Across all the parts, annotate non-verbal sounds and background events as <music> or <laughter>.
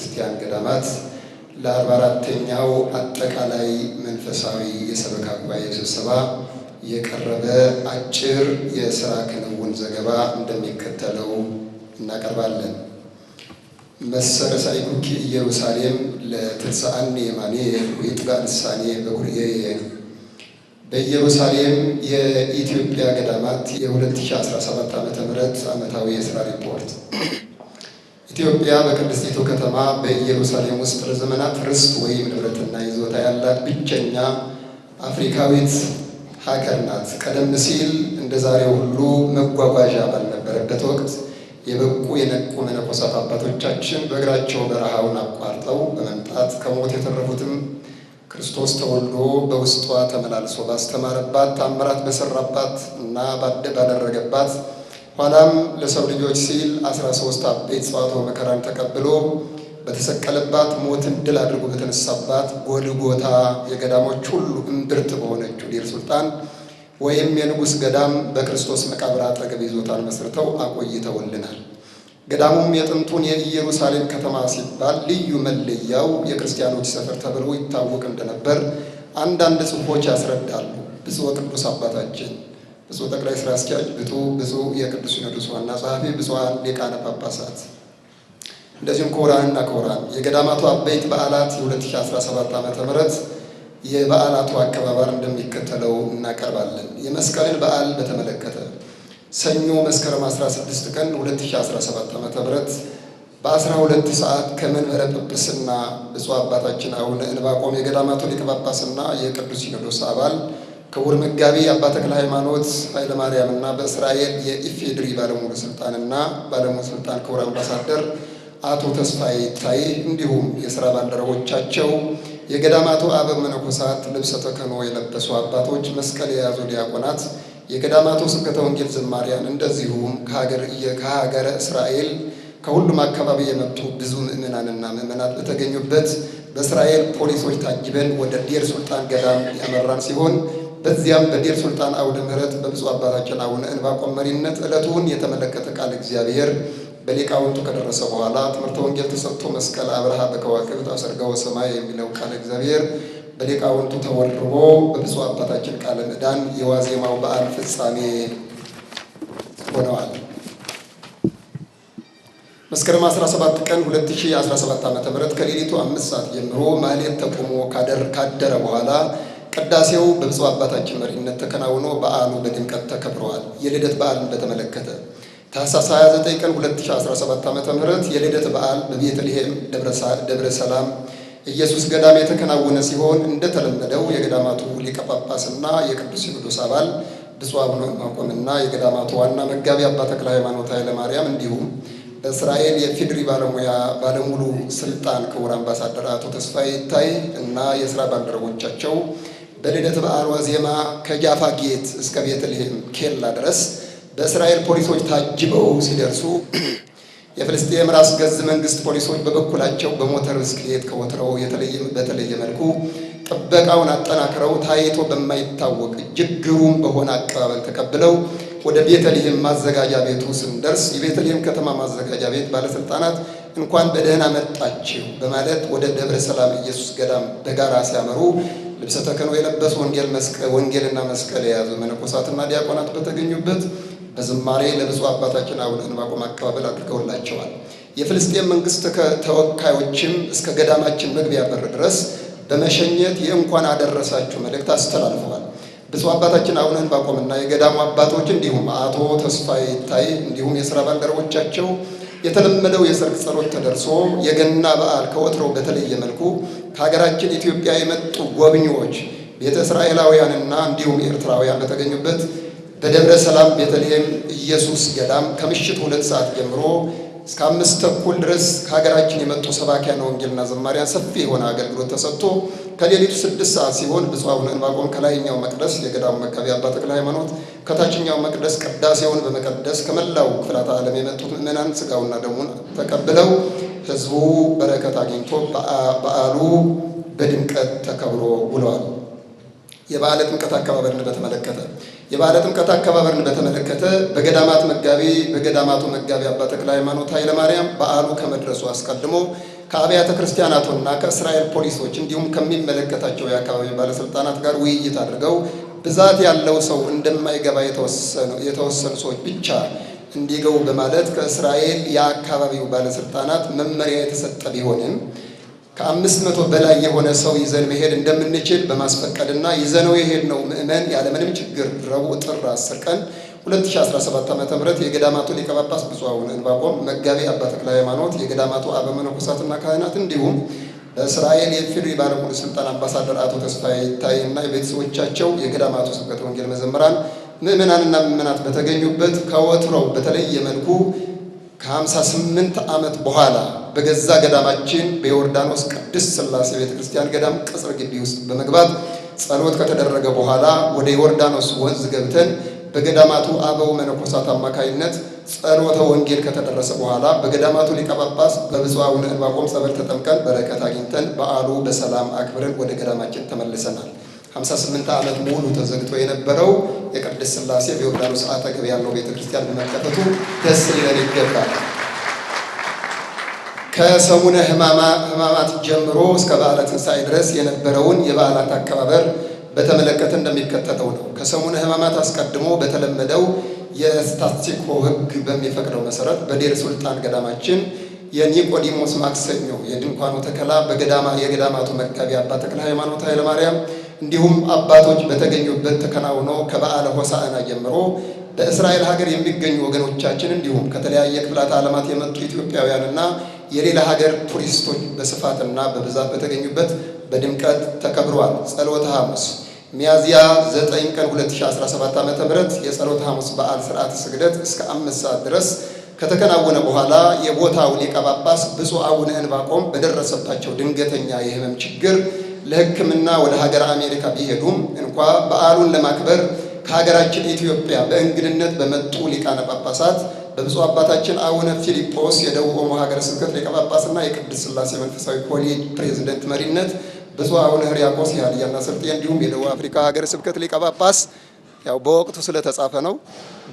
ክርስቲያን ገዳማት ለአርባ አራተኛው አጠቃላይ መንፈሳዊ የሰበካ ጉባኤ ስብሰባ የቀረበ አጭር የስራ ክንውን ዘገባ እንደሚከተለው እናቀርባለን። መሰረሳይ ኩኪ ኢየሩሳሌም ለትንሣኤኒ የማኔ ወይጥጋ ልሳኔ በጉርየ በኢየሩሳሌም የኢትዮጵያ ገዳማት የ2017 ዓ ም ዓመታዊ የስራ ሪፖርት ኢትዮጵያ በቅድስቲቱ ከተማ በኢየሩሳሌም ውስጥ ለዘመናት ርስት ወይም ንብረትና ይዞታ ያላት ብቸኛ አፍሪካዊት ሀገር ናት። ቀደም ሲል እንደ ዛሬው ሁሉ መጓጓዣ ባልነበረበት ወቅት የበቁ የነቁ መነኮሳት አባቶቻችን በእግራቸው በረሃውን አቋርጠው በመምጣት ከሞት የተረፉትም ክርስቶስ ተወልዶ በውስጧ ተመላልሶ ባስተማረባት ታምራት በሰራባት እና ባደረገባት ኋላም ለሰው ልጆች ሲል አስራ ሶስት አበይት ጽዋተ መከራን ተቀብሎ በተሰቀለባት ሞትን ድል አድርጎ በተነሳባት ጎልጎታ የገዳሞች ሁሉ እምብርት በሆነችው ዴር ሱልጣን ወይም የንጉሥ ገዳም በክርስቶስ መቃብር አጠገብ ይዞታን መስርተው አቆይተውልናል። ገዳሙም የጥንቱን የኢየሩሳሌም ከተማ ሲባል ልዩ መለያው የክርስቲያኖች ሰፈር ተብሎ ይታወቅ እንደነበር አንዳንድ ጽሑፎች ያስረዳሉ። ብፁዕ ቅዱስ አባታችን ብፁዕ ጠቅላይ ስራ አስኪያጅ፣ ብፁዕ የቅዱስ ሲኖዶስ ዋና ጸሐፊ፣ ብፁዓን ሊቃነ ጳጳሳት እንደዚሁም ክቡራንና ክቡራን የገዳማቱ አበይት በዓላት የ2017 ዓ ም የበዓላቱ አከባበር እንደሚከተለው እናቀርባለን። የመስቀልን በዓል በተመለከተ ሰኞ መስከረም 16 ቀን 2017 ዓ ም በ12 ሰዓት ከመንበረ ጵጵስና ብፁዕ አባታችን አቡነ ዕንባቆም የገዳማቱ ሊቀ ጳጳስና የቅዱስ ሲኖዶስ አባል ክቡር መጋቢ አባ ተክለ ሃይማኖት ኃይለ ማርያም እና በእስራኤል የኢፌድሪ ባለሙሉ ስልጣን እና ባለሙሉ ስልጣን ክቡር አምባሳደር አቶ ተስፋዬ ይታይ እንዲሁም የስራ ባልደረቦቻቸው የገዳማቱ አበ መነኮሳት ልብሰ ተክህኖ የለበሱ አባቶች፣ መስቀል የያዙ ዲያቆናት፣ የገዳማቱ ስብከተ ወንጌል ዘማሪያን እንደዚሁም ከሀገረ እስራኤል ከሁሉም አካባቢ የመጡ ብዙ ምዕመናንና ምእመናት በተገኙበት በእስራኤል ፖሊሶች ታጅበን ወደ ዴር ሱልጣን ገዳም ያመራን ሲሆን በዚያም በዴር ሱልጣን አውደ ምሕረት በብፁዕ አባታችን አቡነ እንባቆም መሪነት ዕለቱን የተመለከተ ቃል እግዚአብሔር በሊቃውንቱ ከደረሰ በኋላ ትምህርተ ወንጌል ተሰጥቶ መስቀል አብርሃ በከዋክብት አሰርጋው ሰማይ የሚለው ቃል እግዚአብሔር በሊቃውንቱ ተወርቦ በብፁዕ አባታችን ቃለ ምዕዳን የዋዜማው በዓል ፍጻሜ ሆነዋል። መስከረም 17 ቀን 2017 ዓ.ም ከሌሊቱ አምስት ሰዓት ጀምሮ ማህሌት ተቆሞ ካደረ በኋላ ቅዳሴው በብፁዕ አባታችን መሪነት ተከናውኖ በዓሉ በድምቀት ተከብረዋል። የልደት በዓልን በተመለከተ ታኅሳስ 29 ቀን 2017 ዓ ም የልደት በዓል በቤተልሔም ደብረ ሰላም ኢየሱስ ገዳም የተከናወነ ሲሆን እንደተለመደው የገዳማቱ ሊቀ ጳጳስና የቅዱስ ሲኖዶስ አባል ብፁዕ አቡነ ማቆምና የገዳማቱ ዋና መጋቢ አባ ተክለ ሃይማኖት ኃይለ ማርያም እንዲሁም በእስራኤል የፊድሪ ባለሙያ ባለሙሉ ስልጣን ክቡር አምባሳደር አቶ ተስፋዬ ይታይ እና የስራ ባልደረቦቻቸው በልደት በዓል ዋዜማ ከጃፋ ጌት እስከ ቤተልሔም ኬላ ድረስ በእስራኤል ፖሊሶች ታጅበው ሲደርሱ <clears throat> የፍልስጤም ራስ ገዝ መንግስት ፖሊሶች በበኩላቸው በሞተር ብስክሌት ከወትረው በተለየ መልኩ ጥበቃውን አጠናክረው ታይቶ በማይታወቅ እጅግ ግሩም በሆነ አቀባበል ተቀብለው ወደ ቤተልሔም ማዘጋጃ ቤቱ ስንደርስ የቤተልሔም ከተማ ማዘጋጃ ቤት ባለስልጣናት እንኳን በደህና መጣችሁ በማለት ወደ ደብረ ሰላም ኢየሱስ ገዳም በጋራ ሲያመሩ ልብሰ ተክህኖ የለበሱ ወንጌልና መስቀል የያዙ መነኮሳትና ዲያቆናት በተገኙበት በዝማሬ ለብፁዕ አባታችን አቡነ ዕንባቆም አቀባበል አድርገውላቸዋል። የፍልስጤም መንግስት ተወካዮችም እስከ ገዳማችን መግቢያ በር ድረስ በመሸኘት የእንኳን አደረሳችሁ መልእክት አስተላልፈዋል። ብፁዕ አባታችን አቡነ እንባቆምና የገዳሙ አባቶች እንዲሁም አቶ ተስፋ ይታይ እንዲሁም የሥራ ባልደረቦቻቸው የተለመደው የሰርግ ጸሎት ተደርሶ የገና በዓል ከወትሮው በተለየ መልኩ ከሀገራችን ኢትዮጵያ የመጡ ጎብኚዎች ቤተ እስራኤላውያንና እንዲሁም ኤርትራውያን በተገኙበት በደብረ ሰላም ቤተልሔም ኢየሱስ ገዳም ከምሽት ሁለት ሰዓት ጀምሮ እስከ አምስት ተኩል ድረስ ከሀገራችን የመጡ ሰባኪያን ወንጌልና ዘማሪያን ሰፊ የሆነ አገልግሎት ተሰጥቶ ከሌሊቱ ስድስት ሰዓት ሲሆን ብፁዕ አቡነ ዕንባቆም ከላይኛው መቅደስ የገዳሙ መጋቢ አባ ተክለ ሃይማኖት ከታችኛው መቅደስ ቅዳሴውን በመቀደስ ከመላው ክፍላተ ዓለም የመጡት ምዕመናን ስጋውና ደሙን ተቀብለው ህዝቡ በረከት አግኝቶ በዓሉ በድምቀት ተከብሮ ውለዋል። የበዓለ ጥምቀት አከባበርን በተመለከተ የበዓለ ጥምቀት አከባበርን በተመለከተ በገዳማት መጋቢ በገዳማቱ መጋቢ አባ ተክለ ሃይማኖት ኃይለ ማርያም በዓሉ ከመድረሱ አስቀድሞ ከአብያተ ክርስቲያናቱና ከእስራኤል ፖሊሶች እንዲሁም ከሚመለከታቸው የአካባቢ ባለስልጣናት ጋር ውይይት አድርገው ብዛት ያለው ሰው እንደማይገባ የተወሰኑ ሰዎች ብቻ እንዲገቡ በማለት ከእስራኤል የአካባቢው ባለስልጣናት መመሪያ የተሰጠ ቢሆንም ከአምስት መቶ በላይ የሆነ ሰው ይዘን መሄድ እንደምንችል በማስፈቀድና ይዘነው የሄድነው ምዕመን ያለምንም ችግር ረቡዕ ጥር 10 ቀን 2017 ዓ.ም የገዳማቱ ሊቀ ጳጳስ ብፁዕ አቡነ መጋቢ አባ ተክለ ሃይማኖት፣ የገዳማቱ አበ መነኮሳትና ካህናት እንዲሁም በእስራኤል የፊሉ የባለሙሉ ስልጣን አምባሳደር አቶ ተስፋዬ ይታይ እና የቤተሰቦቻቸው የገዳማቱ ስብከተ ወንጌል መዘምራን ምዕመናንና ምዕመናት በተገኙበት ከወትሮው በተለየ መልኩ ከ ስምንት ዓመት በኋላ በገዛ ገዳማችን በዮርዳኖስ ቅድስት ሥላሴ ቤተ ክርስቲያን ገዳም ቅጽር ግቢ ውስጥ በመግባት ጸሎት ከተደረገ በኋላ ወደ ዮርዳኖስ ወንዝ ገብተን በገዳማቱ አበው መነኮሳት አማካይነት ጸሎተ ወንጌል ከተደረሰ በኋላ በገዳማቱ ሊቀ ጳጳስ በብፁዕ አቡነ ጸበል ተጠምቀን በረከት አግኝተን በዓሉ በሰላም አክብረን ወደ ገዳማችን ተመልሰናል። 58 ዓመት ሙሉ ተዘግቶ የነበረው የቅድስት ስላሴ በዮርዳኖስ አጠገብ ያለው ቤተክርስቲያን ክርስቲያን በመከፈቱ ደስ ሊለን ይገባል። ከሰሙነ ሕማማት ጀምሮ እስከ በዓለ ትንሣኤ ድረስ የነበረውን የበዓላት አከባበር በተመለከተ እንደሚከተለው ነው። ከሰሙነ ሕማማት አስቀድሞ በተለመደው የስታቲኮ ሕግ በሚፈቅደው መሰረት በዴር ሱልጣን ገዳማችን የኒቆዲሞስ ማክሰኞ የድንኳኑ ተከላ በገዳማ የገዳማቱ መጋቢ አባ ተክለ ሃይማኖት ኃይለማርያም እንዲሁም አባቶች በተገኙበት ተከናውኖ ከበዓለ ሆሳዕና ጀምሮ በእስራኤል ሀገር የሚገኙ ወገኖቻችን እንዲሁም ከተለያየ ክፍላት ዓለማት የመጡ ኢትዮጵያውያንና የሌላ ሀገር ቱሪስቶች በስፋትና በብዛት በተገኙበት በድምቀት ተከብረዋል። ጸሎተ ሐሙስ ሚያዝያ 9 ቀን 2017 ዓ.ም የጸሎተ ሐሙስ በዓል ስርዓተ ስግደት እስከ አምስት ሰዓት ድረስ ከተከናወነ በኋላ የቦታው ሊቀ ጳጳስ ብፁዕ አቡነ በደረሰባቸው ድንገተኛ የህመም ችግር ለሕክምና ወደ ሀገር አሜሪካ ቢሄዱም እንኳ በዓሉን ለማክበር ከሀገራችን ኢትዮጵያ በእንግድነት በመጡ ሊቃነ ጳጳሳት በብፁዕ አባታችን አቡነ ፊሊጶስ የደቡብ ኦሞ ሀገረ ስብከት ሊቀ ጳጳስና የቅድስት ሥላሴ መንፈሳዊ ኮሌጅ ፕሬዚደንት መሪነት ብፁዕ አቡነ ሕርያቆስ የሀዲያና ስልጤ እንዲሁም የደቡብ አፍሪካ ሀገረ ስብከት ሊቀ ጳጳስ ያው በወቅቱ ስለተጻፈ ነው።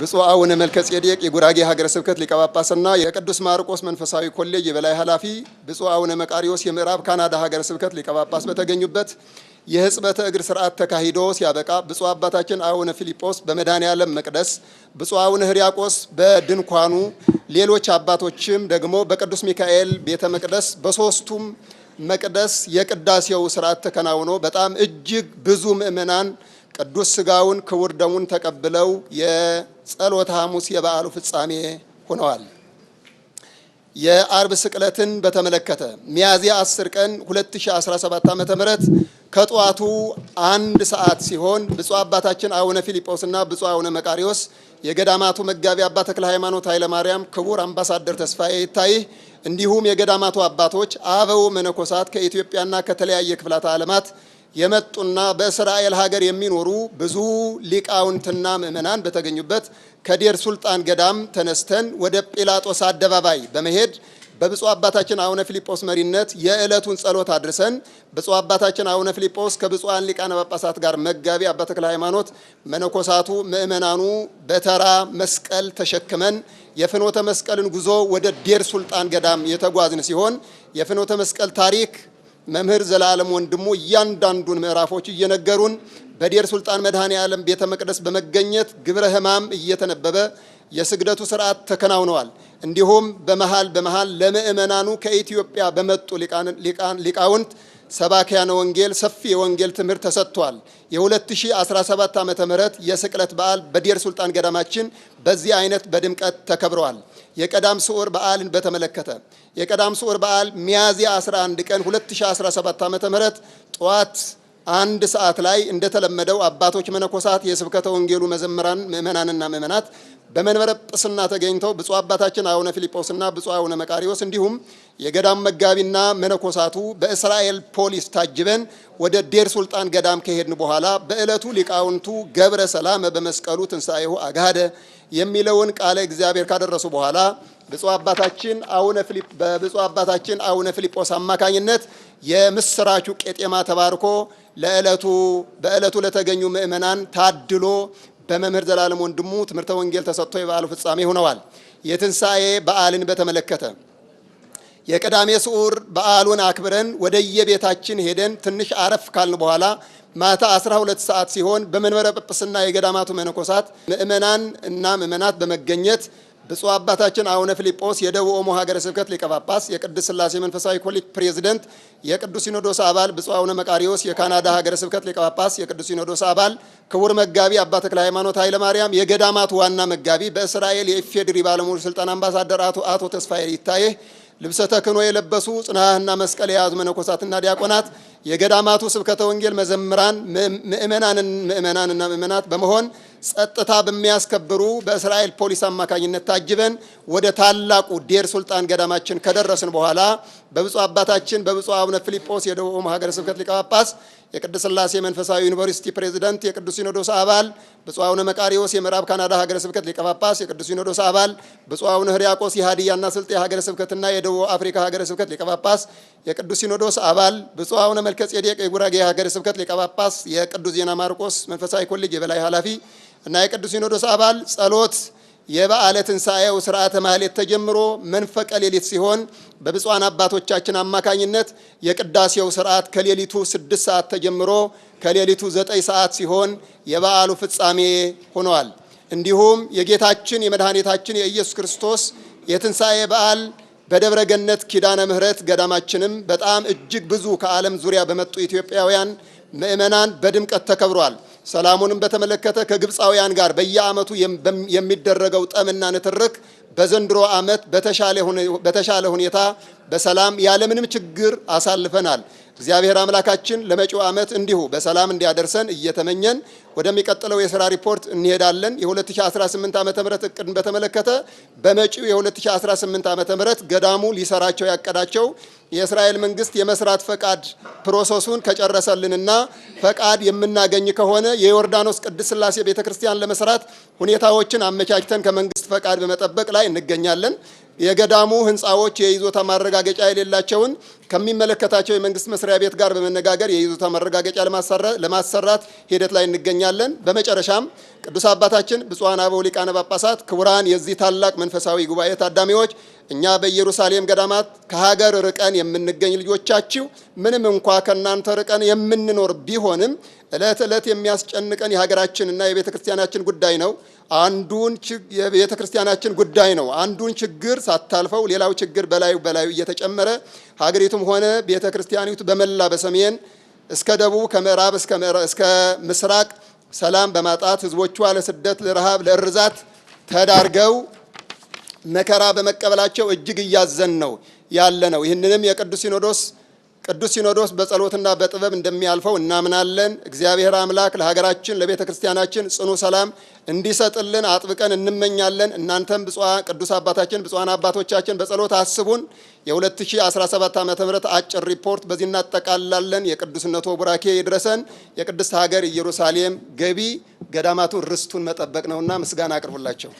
ብፁዕ አቡነ መልከ ጼዴቅ የጉራጌ ሀገረ ስብከት ሊቀ ጳጳስና የቅዱስ ማርቆስ መንፈሳዊ ኮሌጅ የበላይ ኃላፊ ብፁዕ አቡነ መቃሪዎስ የምዕራብ ካናዳ ሀገረ ስብከት ሊቀ ጳጳስ በተገኙበት የሕጽበተ እግር ስርዓት ተካሂዶ ሲያበቃ ብፁዕ አባታችን አቡነ ፊሊጶስ በመድኃኔ ዓለም መቅደስ፣ ብፁዕ አቡነ ህርያቆስ በድንኳኑ፣ ሌሎች አባቶችም ደግሞ በቅዱስ ሚካኤል ቤተ መቅደስ በሶስቱም መቅደስ የቅዳሴው ስርዓት ተከናውኖ በጣም እጅግ ብዙ ምእመናን ቅዱስ ስጋውን ክቡር ደሙን ተቀብለው የጸሎተ ሐሙስ የበዓሉ ፍጻሜ ሆነዋል። የአርብ ስቅለትን በተመለከተ ሚያዝያ 10 ቀን 2017 ዓ.ም ከጠዋቱ አንድ ሰዓት ሲሆን ብፁዕ አባታችን አቡነ ፊልጶስና ብፁዕ አቡነ መቃሪዎስ የገዳማቱ መጋቢ አባ ተክለ ሃይማኖት ኃይለ ማርያም፣ ክቡር አምባሳደር ተስፋዬ ይታይህ እንዲሁም የገዳማቱ አባቶች አበው መነኮሳት ከኢትዮጵያና ከተለያየ ክፍላተ ዓለማት የመጡና በእስራኤል ሀገር የሚኖሩ ብዙ ሊቃውንትና ምእመናን በተገኙበት ከዴር ሱልጣን ገዳም ተነስተን ወደ ጲላጦስ አደባባይ በመሄድ በብፁዕ አባታችን አቡነ ፊልጶስ መሪነት የዕለቱን ጸሎት አድርሰን ብፁዕ አባታችን አቡነ ፊልጶስ ከብፁዓን ሊቃነ ጳጳሳት ጋር መጋቢ አባ ተክለ ሃይማኖት፣ መነኮሳቱ፣ ምእመናኑ በተራ መስቀል ተሸክመን የፍኖተ መስቀልን ጉዞ ወደ ዴር ሱልጣን ገዳም የተጓዝን ሲሆን የፍኖተ መስቀል ታሪክ መምህር ዘላለም ወንድሙ እያንዳንዱን ምዕራፎች እየነገሩን በዴር ሱልጣን መድኃኔ ዓለም ቤተ መቅደስ በመገኘት ግብረ ሕማም እየተነበበ የስግደቱ ስርዓት ተከናውነዋል። እንዲሁም በመሃል በመሃል ለምእመናኑ ከኢትዮጵያ በመጡ ሊቃውንት ሰባኪያነ ወንጌል ሰፊ የወንጌል ትምህርት ተሰጥቷል። የ2017 ዓ ም የስቅለት በዓል በዴር ሱልጣን ገዳማችን በዚህ አይነት በድምቀት ተከብረዋል። የቀዳም ስዑር በዓልን በተመለከተ የቀዳም ስዑር በዓል ሚያዝያ 11 ቀን 2017 ዓ.ም ጠዋት አንድ ሰዓት ላይ እንደተለመደው አባቶች መነኮሳት፣ የስብከተ ወንጌሉ መዘምራን ምእመናንና ምእመናት በመንበረ ጵጵስና ተገኝተው ብፁዕ አባታችን አቡነ ፊልጶስና ብፁዕ አቡነ መቃሪዎስ እንዲሁም የገዳም መጋቢና መነኮሳቱ በእስራኤል ፖሊስ ታጅበን ወደ ዴር ሱልጣን ገዳም ከሄድን በኋላ በዕለቱ ሊቃውንቱ ገብረ ሰላመ በመስቀሉ ትንሣኤሁ አጋደ የሚለውን ቃለ እግዚአብሔር ካደረሱ በኋላ ብፁዕ አባታችን አቡነ ፊሊፕ በብፁዕ አባታችን አቡነ ፊልጶስ አማካኝነት የምስራቹ ቄጤማ ተባርኮ ለዕለቱ በዕለቱ ለተገኙ ምእመናን ታድሎ በመምህር ዘላለም ወንድሙ ትምህርተ ወንጌል ተሰጥቶ የበዓሉ ፍጻሜ ሆነዋል። የትንሣኤ በዓልን በተመለከተ የቀዳሜ ስዑር በዓሉን አክብረን ወደየቤታችን ሄደን ትንሽ አረፍ ካልን በኋላ ማታ 12 ሰዓት ሲሆን በመንበረ ጵጵስና የገዳማቱ መነኮሳት ምእመናን እና ምእመናት በመገኘት ብፁዕ አባታችን አቡነ ፊልጶስ የደቡብ ኦሞ ሀገረ ስብከት ሊቀ ጳጳስ፣ የቅድስት ስላሴ መንፈሳዊ ኮሌጅ ፕሬዚደንት የቅዱስ ሲኖዶስ አባል ብፁዕ አቡነ መቃሪዎስ የካናዳ ሀገረ ስብከት ሊቀ ጳጳስ፣ የቅዱስ ሲኖዶስ አባል ክቡር መጋቢ አባ ተክለ ሃይማኖት ኃይለ ማርያም፣ የገዳማት ዋና መጋቢ በእስራኤል የኢፌድሪ ባለሙሉ ስልጣን አምባሳደር አቶ ተስፋዬ ይታዬ ልብሰ ተክህኖ የለበሱ ጽናህና መስቀል የያዙ መነኮሳትና ዲያቆናት፣ የገዳማቱ ስብከተ ወንጌል መዘምራን፣ ምእመናንና ምእመናት በመሆን ጸጥታ በሚያስከብሩ በእስራኤል ፖሊስ አማካኝነት ታጅበን ወደ ታላቁ ዴር ሱልጣን ገዳማችን ከደረስን በኋላ በብፁዕ አባታችን በብፁዕ አቡነ ፊልጶስ የደቡብ ሀገረ ስብከት ሊቀ ጳጳስ የቅድስት ሥላሴ መንፈሳዊ ዩኒቨርሲቲ ፕሬዚደንት፣ የቅዱስ ሲኖዶስ አባል ብፁዕ አቡነ መቃሪዎስ የምዕራብ ካናዳ ሀገረ ስብከት ሊቀ ጳጳስ፣ የቅዱስ ሲኖዶስ አባል ብፁዕ አቡነ ሕርያቆስ የሀዲያና ስልጤ ሀገረ ስብከትና የደቡብ አፍሪካ ሀገረ ስብከት ሊቀ ጳጳስ፣ የቅዱስ ሲኖዶስ አባል ብፁዕ አቡነ መልከ ጼዴቅ የጉራጌ ሀገረ ስብከት ሊቀ ጳጳስ፣ የቅዱስ ዜና ማርቆስ መንፈሳዊ ኮሌጅ የበላይ ኃላፊ እና የቅዱስ ሲኖዶስ አባል ጸሎት የበዓለ ትንሣኤው ስርዓተ ማህሌት ተጀምሮ መንፈቀ ሌሊት ሲሆን በብፁዓን አባቶቻችን አማካኝነት የቅዳሴው ስርዓት ከሌሊቱ ስድስት ሰዓት ተጀምሮ ከሌሊቱ ዘጠኝ ሰዓት ሲሆን የበዓሉ ፍጻሜ ሆኗል። እንዲሁም የጌታችን የመድኃኒታችን የኢየሱስ ክርስቶስ የትንሣኤ በዓል በደብረ ገነት ኪዳነ ምሕረት ገዳማችንም በጣም እጅግ ብዙ ከዓለም ዙሪያ በመጡ ኢትዮጵያውያን ምእመናን በድምቀት ተከብሯል። ሰላሙንም በተመለከተ ከግብፃውያን ጋር በየአመቱ የሚደረገው ጠምና ንትርክ በዘንድሮ አመት በተሻለ ሁኔታ በሰላም ያለምንም ችግር አሳልፈናል። እግዚአብሔር አምላካችን ለመጪው ዓመት እንዲሁ በሰላም እንዲያደርሰን እየተመኘን ወደሚቀጥለው የስራ ሪፖርት እንሄዳለን። የ2018 ም እቅድን በተመለከተ በመጪው የ2018 ም ገዳሙ ሊሰራቸው ያቀዳቸው የእስራኤል መንግስት የመስራት ፈቃድ ፕሮሰሱን ከጨረሰልንና ፈቃድ የምናገኝ ከሆነ የዮርዳኖስ ቅድስት ስላሴ ቤተ ክርስቲያን ለመስራት ሁኔታዎችን አመቻችተን ከመንግስት ፈቃድ በመጠበቅ ላይ እንገኛለን። የገዳሙ ህንፃዎች የይዞታ ማረጋገጫ የሌላቸውን ከሚመለከታቸው የመንግስት መስሪያ ቤት ጋር በመነጋገር የይዞታ ማረጋገጫ ለማሰራት ሂደት ላይ እንገኛለን። በመጨረሻም ቅዱስ አባታችን ብፁዓን አበው ሊቃነ ጳጳሳት፣ ክቡራን የዚህ ታላቅ መንፈሳዊ ጉባኤ ታዳሚዎች፣ እኛ በኢየሩሳሌም ገዳማት ከሀገር ርቀን የምንገኝ ልጆቻችሁ ምንም እንኳ ከእናንተ ርቀን የምንኖር ቢሆንም ዕለት ዕለት የሚያስጨንቀን የሀገራችንና የቤተ ክርስቲያናችን ጉዳይ ነው። አንዱን የቤተ ክርስቲያናችን ጉዳይ ነው። አንዱን ችግር ሳታልፈው ሌላው ችግር በላዩ በላዩ እየተጨመረ ሀገሪቱም ሆነ ቤተ ክርስቲያኒቱ በመላ በሰሜን እስከ ደቡብ ከምዕራብ እስከ ምስራቅ ሰላም በማጣት ህዝቦቿ ለስደት፣ ለረሃብ፣ ለእርዛት ተዳርገው መከራ በመቀበላቸው እጅግ እያዘን ነው ያለ ነው። ይህንንም የቅዱስ ሲኖዶስ ቅዱስ ሲኖዶስ በጸሎትና በጥበብ እንደሚያልፈው እናምናለን። እግዚአብሔር አምላክ ለሀገራችን ለቤተ ክርስቲያናችን ጽኑ ሰላም እንዲሰጥልን አጥብቀን እንመኛለን። እናንተም ብፁዓ ቅዱስ አባታችን ብፁዓን አባቶቻችን በጸሎት አስቡን። የ2017 ዓ ም አጭር ሪፖርት በዚህ እናጠቃላለን። የቅዱስነቶ ቡራኬ ይድረሰን። የቅድስት ሀገር ኢየሩሳሌም ገቢ ገዳማቱ ርስቱን መጠበቅ ነውና ምስጋና አቅርቡላቸው።